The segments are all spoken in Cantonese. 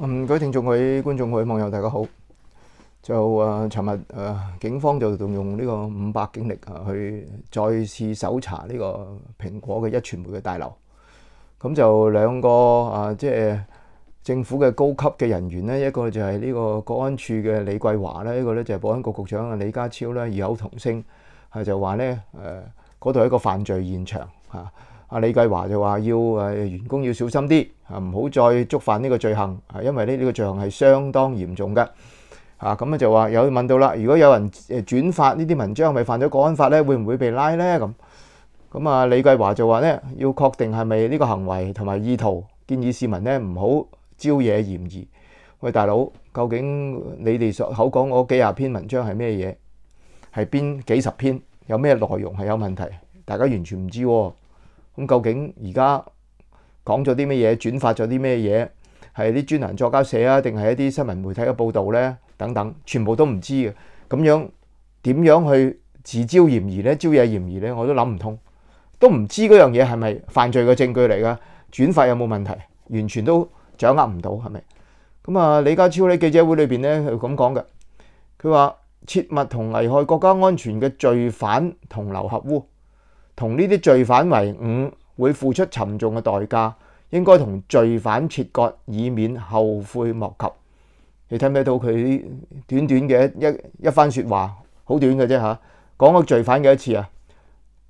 嗯，聽眾各位聽眾、各位觀眾、各位網友，大家好。就啊，尋日啊，警方就動用呢個五百警力啊，去再次搜查呢個蘋果嘅一傳媒嘅大樓。咁就兩個啊，即係政府嘅高級嘅人員呢一個就係呢個國安處嘅李桂華咧，一個咧就係保安局局長嘅李家超咧，異口同聲係就話咧，誒、啊，嗰度係一個犯罪現場啊。阿李桂華就話：要誒員工要小心啲，唔好再觸犯呢個罪行，係因為呢呢個罪行係相當嚴重嘅。嚇咁咧就話有問到啦，如果有人誒轉發呢啲文章，咪犯咗國安法咧，會唔會被拉咧？咁咁啊？李桂華就話咧，要確定係咪呢個行為同埋意圖，建議市民咧唔好招惹嫌疑。喂，大佬，究竟你哋所口講嗰幾廿篇文章係咩嘢？係邊幾十篇？有咩內容係有問題？大家完全唔知喎、哦。咁究竟而家講咗啲咩嘢？轉發咗啲咩嘢？係啲專欄作家寫啊，定係一啲新聞媒體嘅報導呢？等等，全部都唔知嘅。咁樣點樣去自招嫌疑呢？招嘢嫌疑呢？我都諗唔通，都唔知嗰樣嘢係咪犯罪嘅證據嚟噶？轉發有冇問題？完全都掌握唔到，係咪？咁啊，李家超喺記者會裏邊呢，係咁講嘅。佢話：切勿同危害國家安全嘅罪犯同流合污。同呢啲罪犯為伍，會付出沉重嘅代價，應該同罪犯切割，以免後悔莫及。你睇唔睇到佢短短嘅一一番說話，好短嘅啫嚇，講個罪犯嘅一次啊，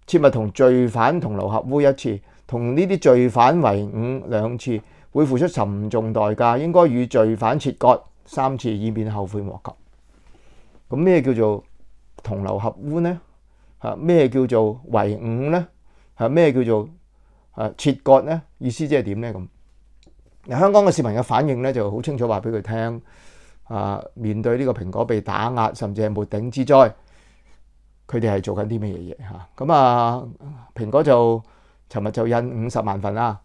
切勿同罪犯同流合污一次，同呢啲罪犯為伍兩次，會付出沉重代價，應該與罪犯切割三次，以免後悔莫及。咁咩叫做同流合污呢？嚇咩叫做為伍咧？嚇咩叫做嚇切割咧？意思即係點咧咁？嗱，香港嘅市民嘅反應咧就好清楚，話俾佢聽。啊，面對呢個蘋果被打壓，甚至係滅頂之災，佢哋係做緊啲咩嘢嘢嚇？咁啊，蘋果就尋日就印五十萬份啦，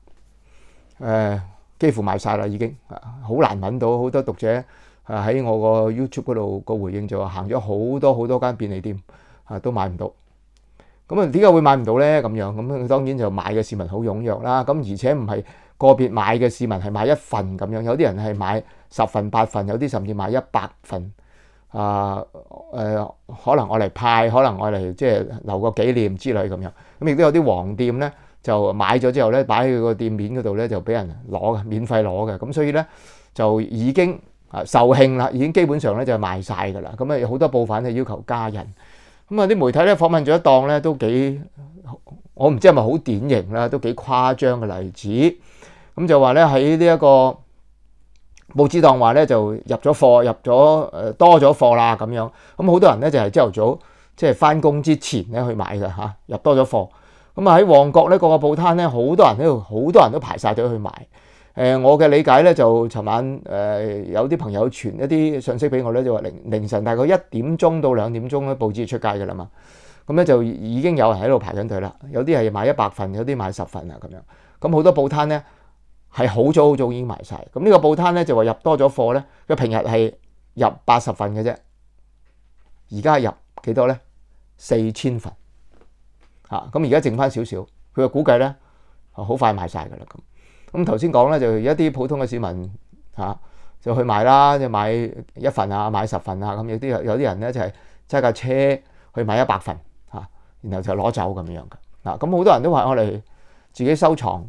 誒、啊、幾乎賣晒啦已經，好難揾到。好多讀者啊喺我個 YouTube 度個回應就話，行咗好多好多間便利店啊都買唔到。咁啊，點解會買唔到呢？咁樣咁啊，當然就買嘅市民好踴躍啦。咁而且唔係個別買嘅市民係買一份咁樣，有啲人係買十份、八份，有啲甚至買一百份。啊、呃呃、可能我嚟派，可能我嚟即係留個紀念之類咁樣。咁亦都有啲黃店呢，就買咗之後呢，擺喺佢個店面嗰度呢，就俾人攞嘅，免費攞嘅。咁所以呢，就已經啊售罄啦，已經基本上呢就賣晒㗎啦。咁啊，好多部分係要求加人。咁啊！啲媒體咧訪問咗一檔咧，都幾我唔知係咪好典型啦，都幾誇張嘅例子。咁就話咧，喺呢一個報紙檔話咧，就入咗貨，入咗誒多咗貨啦咁樣。咁好多人咧就係朝頭早即係翻工之前咧去買嘅嚇，入多咗貨。咁啊喺旺角咧，個個報攤咧，好多人喺度好多人都排晒隊去買。呃、我嘅理解咧就，尋晚、呃、有啲朋友傳一啲信息俾我咧，就話凌晨大概一點鐘到兩點鐘咧，報紙出街㗎啦嘛。咁咧就已經有人喺度排緊隊啦，有啲係買一百份，有啲買十份啊咁樣。咁好多報攤咧係好早好早已經賣晒。咁呢個報攤咧就話入多咗貨咧，佢平日係入八十份嘅啫，而家係入幾多咧？四千份啊！咁而家剩翻少少，佢嘅估計咧，好快賣晒㗎啦咁。咁頭先講咧，就有一啲普通嘅市民、啊、就去買啦，就買一份啊，買十份啊，咁有啲有啲人咧就係揸架車去買一百份嚇、啊，然後就攞走咁樣嘅咁，好多人都話我哋自己收藏，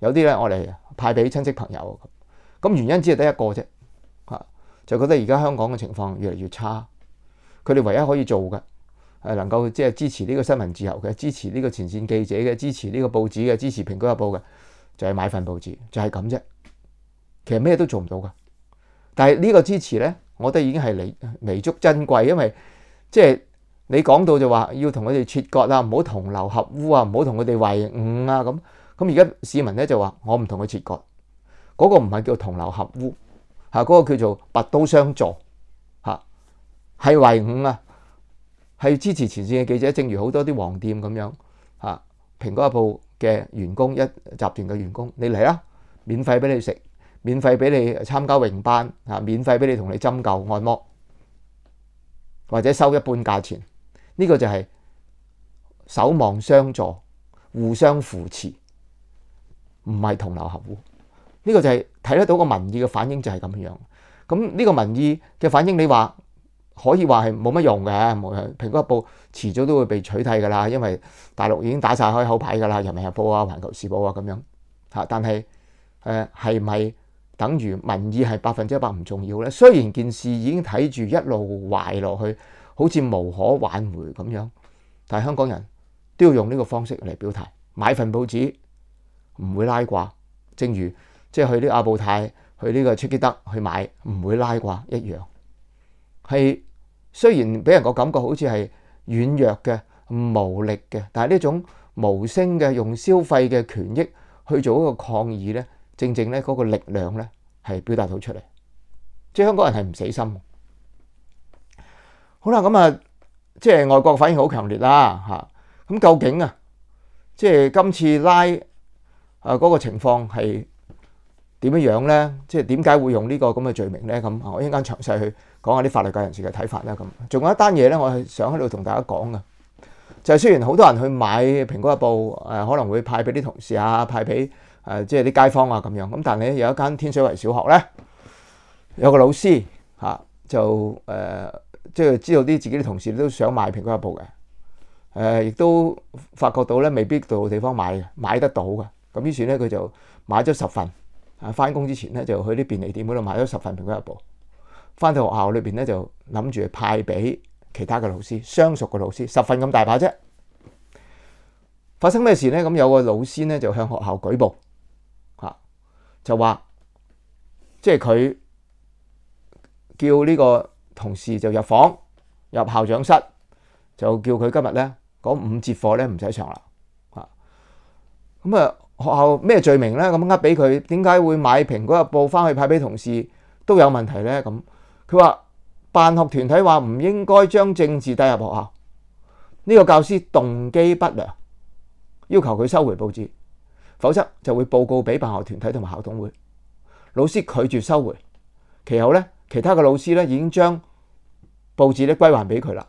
有啲咧我哋派俾親戚朋友。咁、啊、原因只係得一個啫、啊，就覺得而家香港嘅情況越嚟越差，佢哋唯一可以做嘅係能夠即係支持呢個新聞自由嘅，支持呢個前線記者嘅，支持呢個報紙嘅，支持《蘋果日報》嘅。就係買份報紙，就係咁啫。其實咩都做唔到噶。但係呢個支持呢，我覺得已經係彌足珍貴，因為即係你講到就話要同佢哋切割啦，唔好同流合污啊，唔好同佢哋為伍啊咁。咁而家市民呢，就話我唔同佢切割，嗰、嗰個唔係叫同流合污，吓、嗰、嗰個叫做拔刀相助，吓係為伍啊。係支持前線嘅記者，正如好多啲黃店咁樣，吓蘋果一鋪嘅員工一集團嘅員工，你嚟啦！免費俾你食，免費俾你參加泳班，免費俾你同你針灸按摩，或者收一半價錢。呢個就係守望相助，互相扶持，唔係同流合污。呢個就係睇得到個民意嘅反應，就係咁樣樣。咁呢個民意嘅反應，你話？可以話係冇乜用嘅，蘋果日報遲早都會被取締㗎喇，因為大陸已經打晒開口牌㗎喇，人民日報啊、環球時報啊咁樣嚇。但係誒係咪等於民意係百分之一百唔重要呢？雖然件事已經睇住一路壞落去，好似無可挽回咁樣，但係香港人都要用呢個方式嚟表態，買份報紙唔會拉掛，正如即係去啲阿布泰、去呢個 Chickeeduck 去買唔會拉掛一樣，係。雖然俾人個感覺好似係軟弱嘅、無力嘅，但係呢種無聲嘅用消費嘅權益去做一個抗議呢，正正呢嗰個力量呢係表達到出嚟，即係香港人係唔死心。好啦，咁啊，即係外國反應好強烈啦嚇，咁究竟啊，即係今次拉啊嗰個情況係。點樣樣咧？即係點解會用呢個咁嘅罪名呢？咁我一陣間詳細去講下啲法律界人士嘅睇法啦。咁仲有一單嘢呢，我係想喺度同大家講嘅，就係、是、雖然好多人去買蘋果日報，誒、呃、可能會派俾啲同事啊，派俾誒、呃、即係啲街坊啊咁樣。咁但係有一間天水圍小學呢，有個老師嚇、啊、就誒，即、呃、係知道啲自己啲同事都想買蘋果日報嘅，誒、呃、亦都發覺到呢未必到地方買買得到嘅。咁於是呢，佢就買咗十份。啊！翻工之前咧就去啲便利店嗰度買咗十份蘋果日報，翻到學校裏面咧就諗住派俾其他嘅老師，相熟嘅老師，十份咁大把啫。發生咩事咧？咁有個老師咧就向學校舉報，嚇就話，即係佢叫呢個同事就入房入校長室，就叫佢今日咧嗰五節課咧唔使上啦，嚇咁啊！學校咩罪名呢？咁呃，俾佢點解會買蘋果日報翻去派俾同事都有問題呢？咁佢話辦學團體話唔應該將政治帶入學校，呢個教師動機不良，要求佢收回報紙，否則就會報告俾辦學團體同埋校董會。老師拒絕收回，其後呢，其他嘅老師呢已經將報紙呢歸還俾佢啦。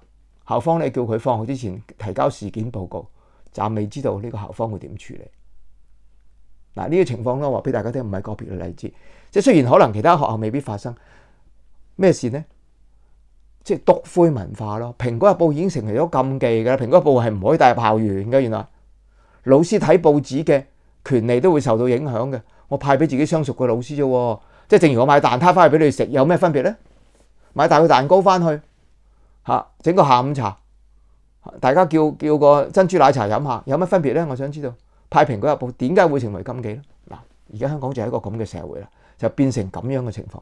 校方呢叫佢放學之前提交事件報告，暫未知道呢個校方會點處理。嗱，呢啲情況咧話俾大家聽，唔係個別嘅例子。即係雖然可能其他學校未必發生咩事呢？即係篤灰文化咯。《蘋果日報》已經成為咗禁忌㗎喇，《蘋果日報》係唔可以帶入校園嘅。原來老師睇報紙嘅權利都會受到影響嘅。我派俾自己相熟嘅老師啫，即係正如我買蛋撻翻去俾你你食，有咩分別呢？買大個蛋糕翻去吓，整個下午茶，大家叫叫個珍珠奶茶飲下，有乜分別呢？我想知道。派蘋果日報點解會成為禁忌咧？嗱，而家香港就係一個咁嘅社會啦，就變成咁樣嘅情況。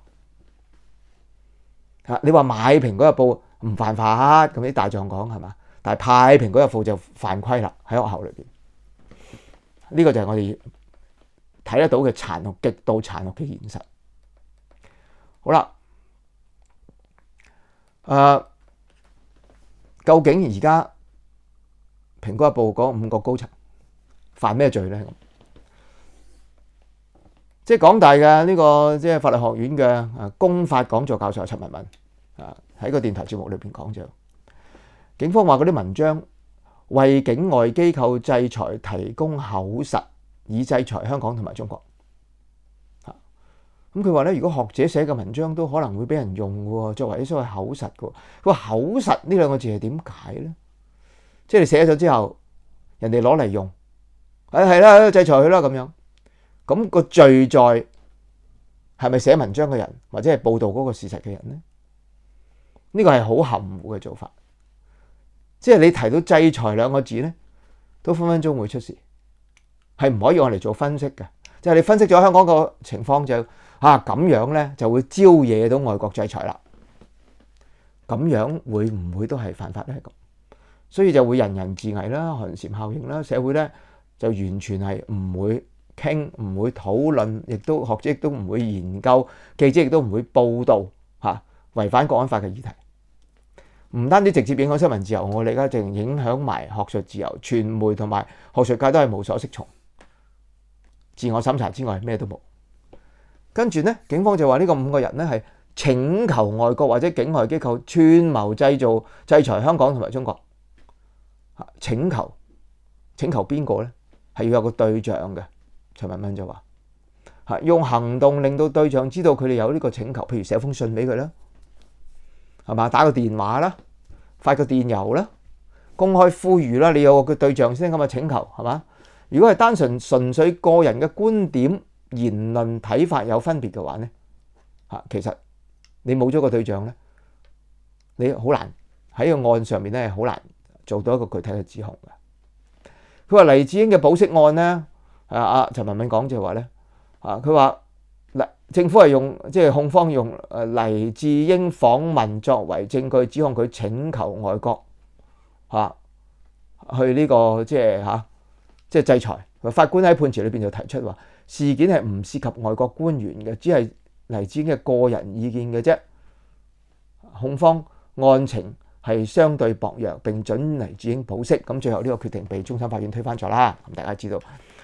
吓，你話買蘋果日報唔犯法，咁啲大狀講係嘛？但係派蘋果日報就犯規啦，喺學校裏邊。呢、這個就係我哋睇得到嘅殘酷、極度殘酷嘅現實。好啦，誒、呃，究竟而家蘋果日報嗰五個高層？犯咩罪呢？咁即係港大嘅呢個即係法律學院嘅公法講座教授的陳文文啊，喺個電台節目裏邊講咗。警方話嗰啲文章為境外機構制裁提供口實，以制裁香港同埋中國嚇咁。佢話咧，如果學者寫嘅文章都可能會俾人用喎，作為所謂口實嘅哇，口實呢兩個字係點解呢？即係你寫咗之後，人哋攞嚟用。唉，係啦，制裁佢啦咁樣，咁個罪在係咪寫文章嘅人，或者係報道嗰個事實嘅人咧？呢個係好含糊嘅做法，即係你提到制裁兩個字咧，都分分鐘會出事，係唔可以用我嚟做分析嘅。即係你分析咗香港個情況就吓咁樣咧，就會招惹到外國制裁啦。咁樣會唔會都係犯法咧？咁所以就會人人自危啦，寒蟬效應啦，社會咧。就完全係唔會傾，唔會討論，亦都學者亦都唔會研究，記者亦都唔會報導、啊、違反《國安法》嘅議題。唔單止直接影響新聞自由，我哋而家淨係影響埋學術自由，傳媒同埋學術界都係無所適從，自我審查之外咩都冇。跟住呢，警方就話呢個五個人呢係請求外國或者境外機構串謀製造制裁香港同埋中國請、啊、請求請求邊個呢？係要有個對象嘅，徐文文就話，吓用行動令到對象知道佢哋有呢個請求，譬如寫封信俾佢啦，係嘛，打個電話啦，發個電郵啦，公開呼籲啦，你有個個對象先咁嘅請求，係嘛？如果係單純純粹個人嘅觀點、言論、睇法有分別嘅話咧，吓，其實你冇咗個對象咧，你好難喺個案上面咧，好難做到一個具體嘅指控嘅。佢話黎智英嘅保釋案咧，係啊陳文敏講就係話咧，啊佢話，嗱，政府係用即係控方用誒黎智英訪問作為證據，指控佢請求外國嚇去呢、這個即係嚇即係制裁。法官喺判詞裏邊就提出話，事件係唔涉及外國官員嘅，只係黎智英嘅個人意見嘅啫。控方案情，係相對薄弱，並准黎智英保釋咁。最後呢個決定被終審法院推翻咗啦。咁大家知道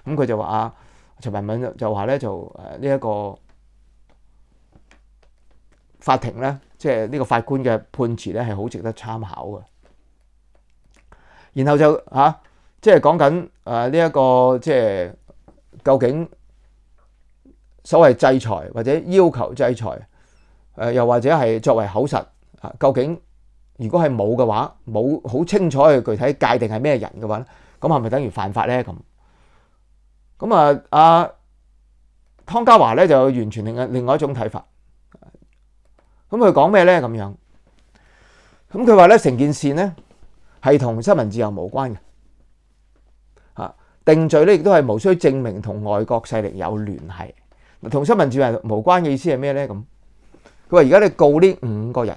咁，佢就話啊，陳文敏就話咧，就誒呢一、呢個法庭咧，即係呢個法官嘅判詞咧，係好值得參考嘅。然後就嚇，即、啊、係、就是、講緊誒呢一個，即、就、係、是、究竟所謂制裁或者要求制裁，誒又或者係作為口實啊？究竟？如果係冇嘅話，冇好清楚佢具體界定係咩人嘅話，咁係咪等於犯法咧？咁，咁啊，阿湯家驊咧就有完全另另外一種睇法。咁佢講咩咧？咁樣，咁佢話咧，成件事咧係同新聞自由無關嘅。吓，定罪咧亦都係無需證明同外國勢力有聯繫。同新聞自由無關嘅意思係咩咧？咁佢話而家你告呢五個人。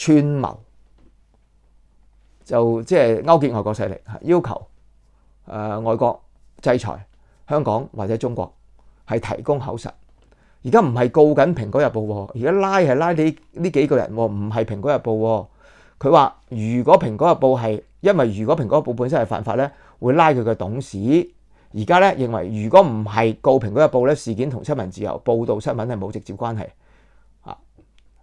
串謀就即係勾結外國勢力，要求誒、呃、外國制裁香港或者中國，係提供口實。而家唔係告緊《蘋果日報》喎，而家拉係拉呢呢幾個人喎，唔係《蘋果日報》喎。佢話如果《蘋果日報》係，因為如果《蘋果日報》本身係犯法咧，會拉佢嘅董事。而家咧認為，如果唔係告《蘋果日報》咧，事件同新聞自由報導新聞係冇直接關係。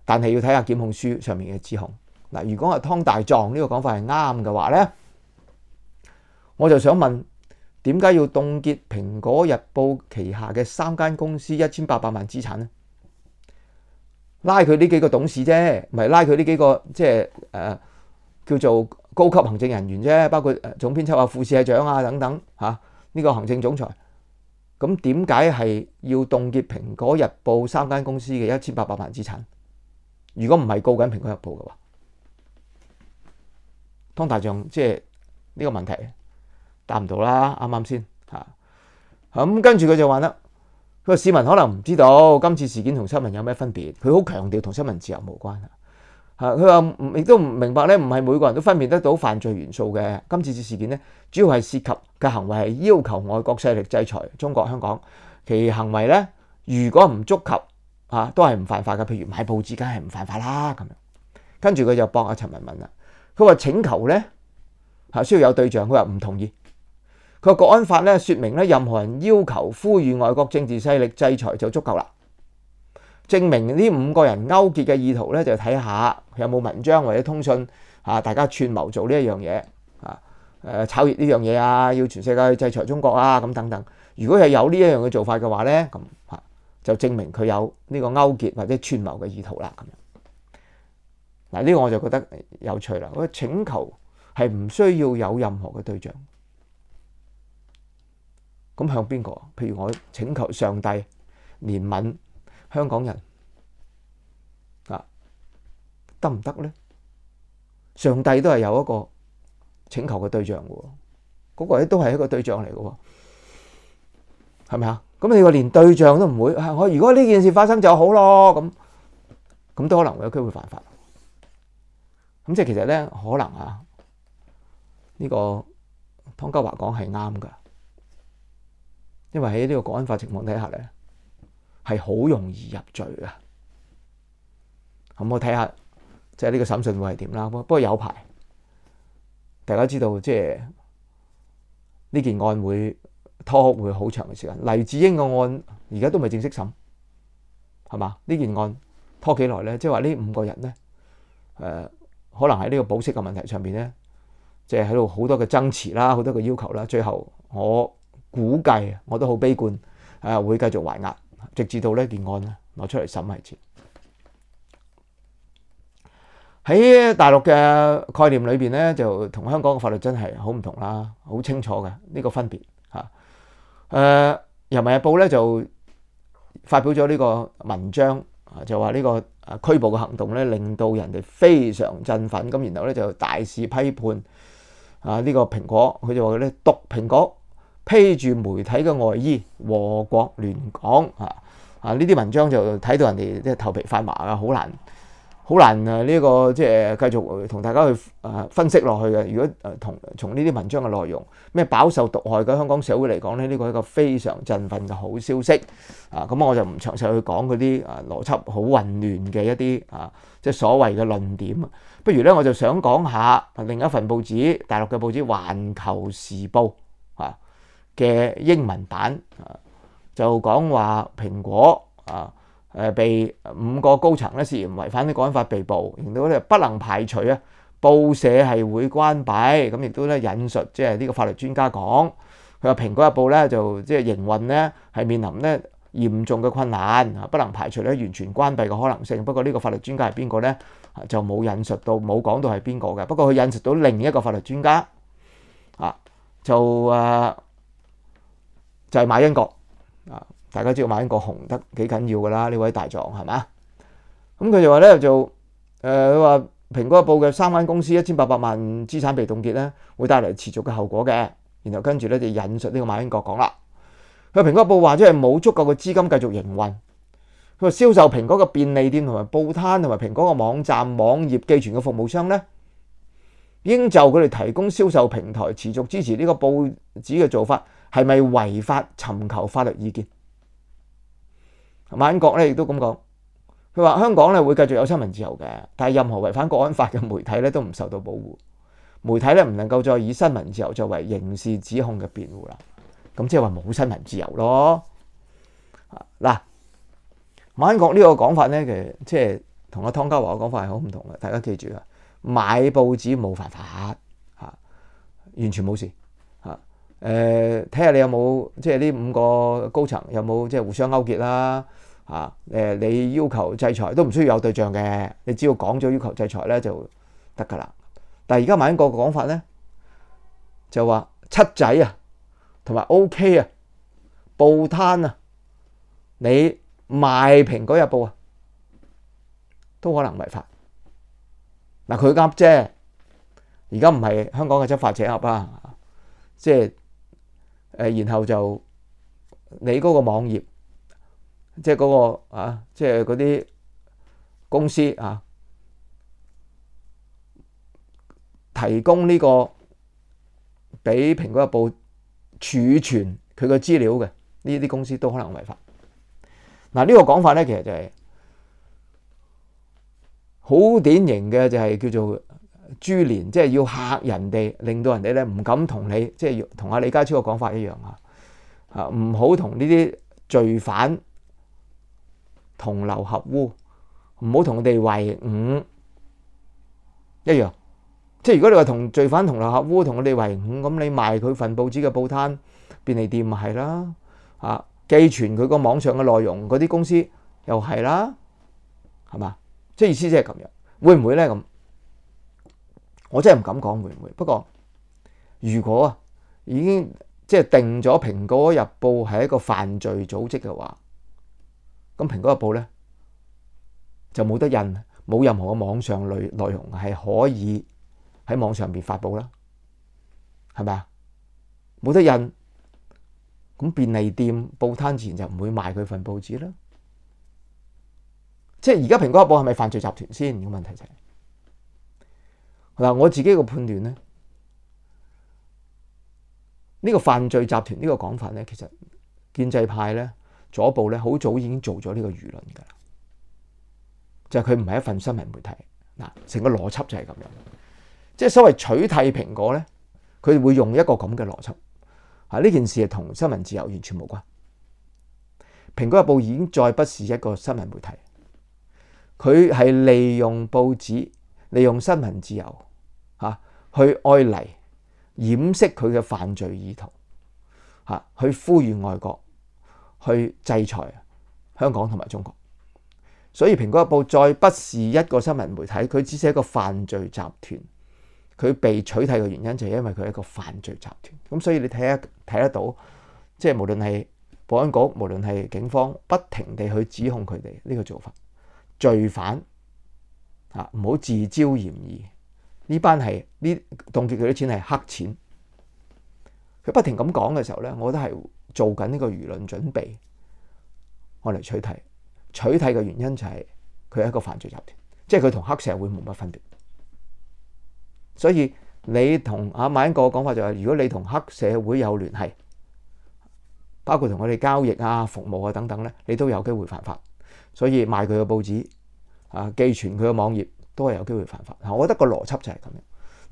但係要睇下檢控書上面嘅指控嗱。如果話湯大狀呢個講法係啱嘅話呢，我就想問點解要凍結《蘋果日報》旗下嘅三間公司一千八百萬資產咧？拉佢呢幾個董事啫，唔係拉佢呢幾個即係誒叫做高級行政人員啫，包括總編輯啊、副社長啊等等嚇。呢、啊呢個行政總裁，咁點解係要凍結《蘋果日報》三間公司嘅一千八百萬資產？如果唔係告緊《蘋果入報》嘅話，湯大象，即係呢個問題答唔到啦，啱啱先？嚇、嗯、咁跟住佢就話啦，佢話市民可能唔知道今次事件同新聞有咩分別，佢好強調同新聞自由無關嚇。佢話亦都唔明白咧，唔係每個人都分辨得到犯罪元素嘅。今次次事件咧，主要係涉及嘅行為係要求外國勢力制裁中國香港，其行為咧如果唔足及。啊，都係唔犯法嘅。譬如買報紙，梗係唔犯法啦。咁樣，跟住佢就幫阿陳文文啦。佢話請求呢，吓需要有對象。佢話唔同意。佢話國安法呢，說明呢，任何人要求呼籲外國政治勢力制裁就足夠啦。證明呢五個人勾結嘅意圖呢，就睇下有冇文章或者通訊吓，大家串謀做呢一樣嘢啊？誒，炒熱呢樣嘢啊？要全世界去制裁中國啊？咁等等。如果係有呢一樣嘅做法嘅話呢。咁吓。就證明佢有呢個勾結或者串謀嘅意圖啦。咁樣嗱，呢個我就覺得有趣啦。我請求係唔需要有任何嘅對象，咁向邊個？譬如我請求上帝憐憫香港人啊，得唔得咧？上帝都係有一個請求嘅對象嘅喎，嗰個都係一個對象嚟嘅喎，係咪啊？咁你話連對象都唔會，我如果呢件事發生就好咯，咁咁都可能會有機會犯法。咁即係其實咧，可能啊，呢、呢個湯家驊講係啱噶，因為喺呢個國安法情況底下咧，係好容易入罪噶。咁、嗯、我睇下，即係呢個審訊會係點啦？不過有排，大家知道即係呢件案會。拖會好長嘅時間，黎智英嘅案而家都未正式審，係嘛？呢件案拖幾耐咧？即係話呢五個人咧，誒、呃，可能喺呢個保釋嘅問題上邊咧，即係喺度好多嘅爭持啦，好多嘅要求啦。最後我估計，我都好悲觀，誒、啊，會繼續還押，直至到呢件案咧攞出嚟審為止。喺大陸嘅概念裏邊咧，就同香港嘅法律真係好唔同啦，好清楚嘅呢個分別。誒、uh，《人民日報》咧就發表咗呢個文章，就話呢個拘捕嘅行動咧令到人哋非常振奮，咁然後咧就大肆批判啊呢個蘋果，佢就話咧毒蘋果披住媒體嘅外衣，禍國亂港啊啊！呢、啊、啲文章就睇到人哋即係頭皮發麻啊，好難。好難誒呢個即係繼續同大家去分析落去嘅。如果誒同從呢啲文章嘅內容，咩飽受毒害嘅香港社會嚟講呢，呢個係一個非常振奮嘅好消息啊！咁我就唔詳細去講嗰啲啊邏輯好混亂嘅一啲啊即係所謂嘅論點。不如呢，我就想講下另一份報紙，大陸嘅報紙《環球時報》嘅英文版啊，就講話蘋果啊。誒被五個高層咧涉嫌違反呢個《港法》被捕，然後咧不能排除啊，報社係會關閉，咁亦都咧引述即係呢個法律專家講，佢話《蘋果日報》咧就即係營運咧係面臨咧嚴重嘅困難，不能排除咧完全關閉嘅可能性。不過呢個法律專家係邊個咧，就冇引述到，冇講到係邊個嘅。不過佢引述到另一個法律專家啊，就誒就係馬英九啊。大家知道馬英國紅得幾緊要㗎啦？呢位大狀係嘛？咁佢就話咧就誒佢話蘋果報嘅三間公司一千八百萬資產被凍結咧，會帶嚟持續嘅後果嘅。然後跟住咧就引述呢個馬英國講啦。佢蘋果報話即係冇足夠嘅資金繼續營運。佢話銷售蘋果嘅便利店同埋報攤同埋蘋果嘅網站網頁寄存嘅服務商咧，應就佢哋提供銷售平台持續支持呢個報紙嘅做法係咪違法？尋求法律意見。馬恩國咧亦都咁講，佢話香港咧會繼續有新聞自由嘅，但係任何違反《國安法》嘅媒體咧都唔受到保護，媒體咧唔能夠再以新聞自由作為刑事指控嘅辯護啦。咁即係話冇新聞自由咯。嗱，馬恩國呢個講法咧，其實即係同阿湯家驊嘅講法係好唔同嘅。大家記住啊，買報紙冇犯法，嚇完全冇事。誒，睇下、呃、你有冇即係呢五個高層有冇即係互相勾結啦？吓、啊，誒、啊，你要求制裁都唔需要有對象嘅，你只要講咗要求制裁咧就得噶啦。但係而家馬恩國嘅講法咧，就話七仔啊，同埋 O.K. 啊，報攤啊，你賣蘋果日報啊，都可能違法。嗱、啊，佢噏啫，而家唔係香港嘅執法者噏啊，即係。誒，然後就你嗰個網頁，即係嗰個啊，即係嗰啲公司啊，提供呢、呢個俾蘋果日報儲存佢嘅資料嘅，呢啲公司都可能違法。嗱、啊，呢個、呢個講法咧，其實就係好典型嘅，就係叫做株連即係要嚇人哋，令到人哋咧唔敢同你，即係同阿李家超個講法一樣啊！啊，唔好同呢啲罪犯同流合污，唔好同佢哋為伍一樣。即係如果你話同罪犯同流合污，同佢哋為伍，咁你賣佢份報紙嘅報攤、便利店，咪係啦？啊，寄存佢個網上嘅內容，嗰啲公司又係啦，係嘛？即係意思即係咁樣，會唔會咧咁？我真係唔敢講會唔會，不過如果啊已經即係定咗《蘋果日報》係一個犯罪組織嘅話，咁《蘋果日報》呢，就冇得印，冇任何嘅網上類內容係可以喺網上面發布啦，係咪啊？冇得印，咁便利店報攤前就唔會賣佢份報紙啦。即係而家《蘋果日報》係咪犯罪集團先？咁問題就係。嗱，我自己個判斷咧，呢個犯罪集團呢個講法咧，其實建制派咧左部咧好早已經做咗呢個輿論噶，就係佢唔係一份新聞媒體。嗱，成個邏輯就係咁樣，即係所謂取締蘋果咧，佢會用一個咁嘅邏輯，啊呢件事係同新聞自由完全冇關，蘋果日報已經再不是一個新聞媒體，佢係利用報紙，利用新聞自由。嚇，去愛嚟掩飾佢嘅犯罪意圖，去呼籲外國去制裁香港同埋中國。所以《蘋果日報》再不是一個新聞媒體，佢只是一個犯罪集團。佢被取締嘅原因就係因為佢係一個犯罪集團。咁所以你睇一睇得到，即係無論係保安局，無論係警方，不停地去指控佢哋呢個做法，罪犯嚇唔好自招嫌疑。呢班係呢凍結佢啲錢係黑錢，佢不停咁講嘅時候呢，我都係做緊呢個輿論準備。我嚟取締，取締嘅原因就係佢係一個犯罪集團，即係佢同黑社會冇乜分別。所以你同啊埋一個講法就係、是，如果你同黑社會有聯繫，包括同我哋交易啊、服務啊等等呢，你都有機會犯法。所以賣佢嘅報紙啊，寄存佢嘅網頁。都係有機會犯法，我覺得個邏輯就係咁樣。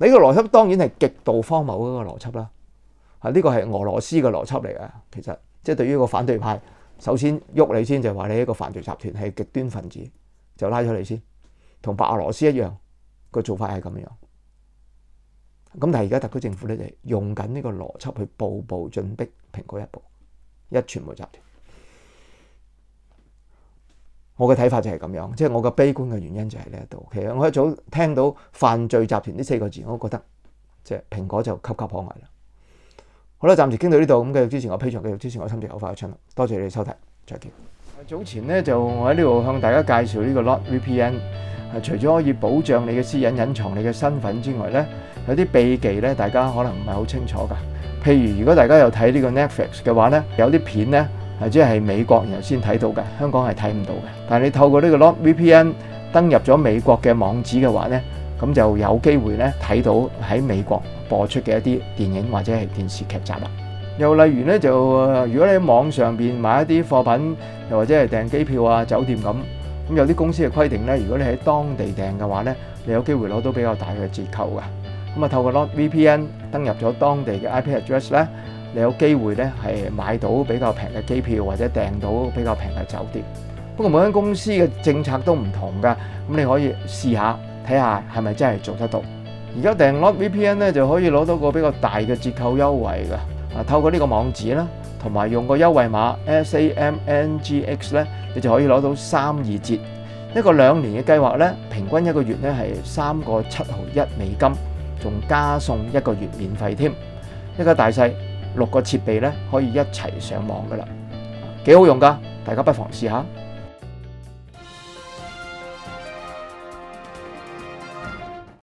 你個邏輯當然係極度荒謬嗰個邏輯啦，啊呢個係俄羅斯嘅邏輯嚟嘅。其實即係對於一個反對派，首先喐你先，就係話你一個犯罪集團係極端分子，就拉咗你先，同白俄羅斯一樣個做法係咁樣。咁但係而家特區政府咧就用緊呢個邏輯去步步進逼蘋果日報、壹傳媒集團。我嘅睇法就係咁樣，即、就、係、是、我嘅悲觀嘅原因就喺呢一度。其、OK? 實我一早聽到犯罪集團呢四個字，我都覺得即係蘋果就岌岌可危啦。好啦，暫時傾到呢度，咁繼續支持我 Patreon，繼續支持我，我森直口快啦。多謝你哋收睇，再見。早前呢，就我喺呢度向大家介紹呢個 Lot VPN，係、啊、除咗可以保障你嘅私隱、隱藏你嘅身份之外呢，有啲秘技呢，大家可能唔係好清楚㗎。譬如如果大家有睇呢個 Netflix 嘅話呢，有啲片呢。係即係美國，然後先睇到嘅，香港係睇唔到嘅。但係你透過呢個 Lock VPN 登入咗美國嘅網址嘅話呢，咁就有機會呢睇到喺美國播出嘅一啲電影或者係電視劇集啦。又例如呢，就如果你喺網上邊買一啲貨品，又或者係訂機票啊、酒店咁，咁有啲公司嘅規定呢，如果你喺當地訂嘅話呢，你有機會攞到比較大嘅折扣嘅。咁啊，透過 Lock VPN 登入咗當地嘅 IP address 呢。你有機會咧係買到比較平嘅機票，或者訂到比較平嘅酒店。不過每間公司嘅政策都唔同㗎，咁你可以試下睇下係咪真係做得到。而家訂 lock V P N 咧就可以攞到個比較大嘅折扣優惠㗎。啊，透過呢個網址啦，同埋用個優惠碼 S A M N G X 咧，你就可以攞到三二折。一個兩年嘅計劃咧，平均一個月咧係三個七毫一美金，仲加送一個月免費添。一家大細。六個設備咧可以一齊上網嘅啦，幾好用噶，大家不妨試下。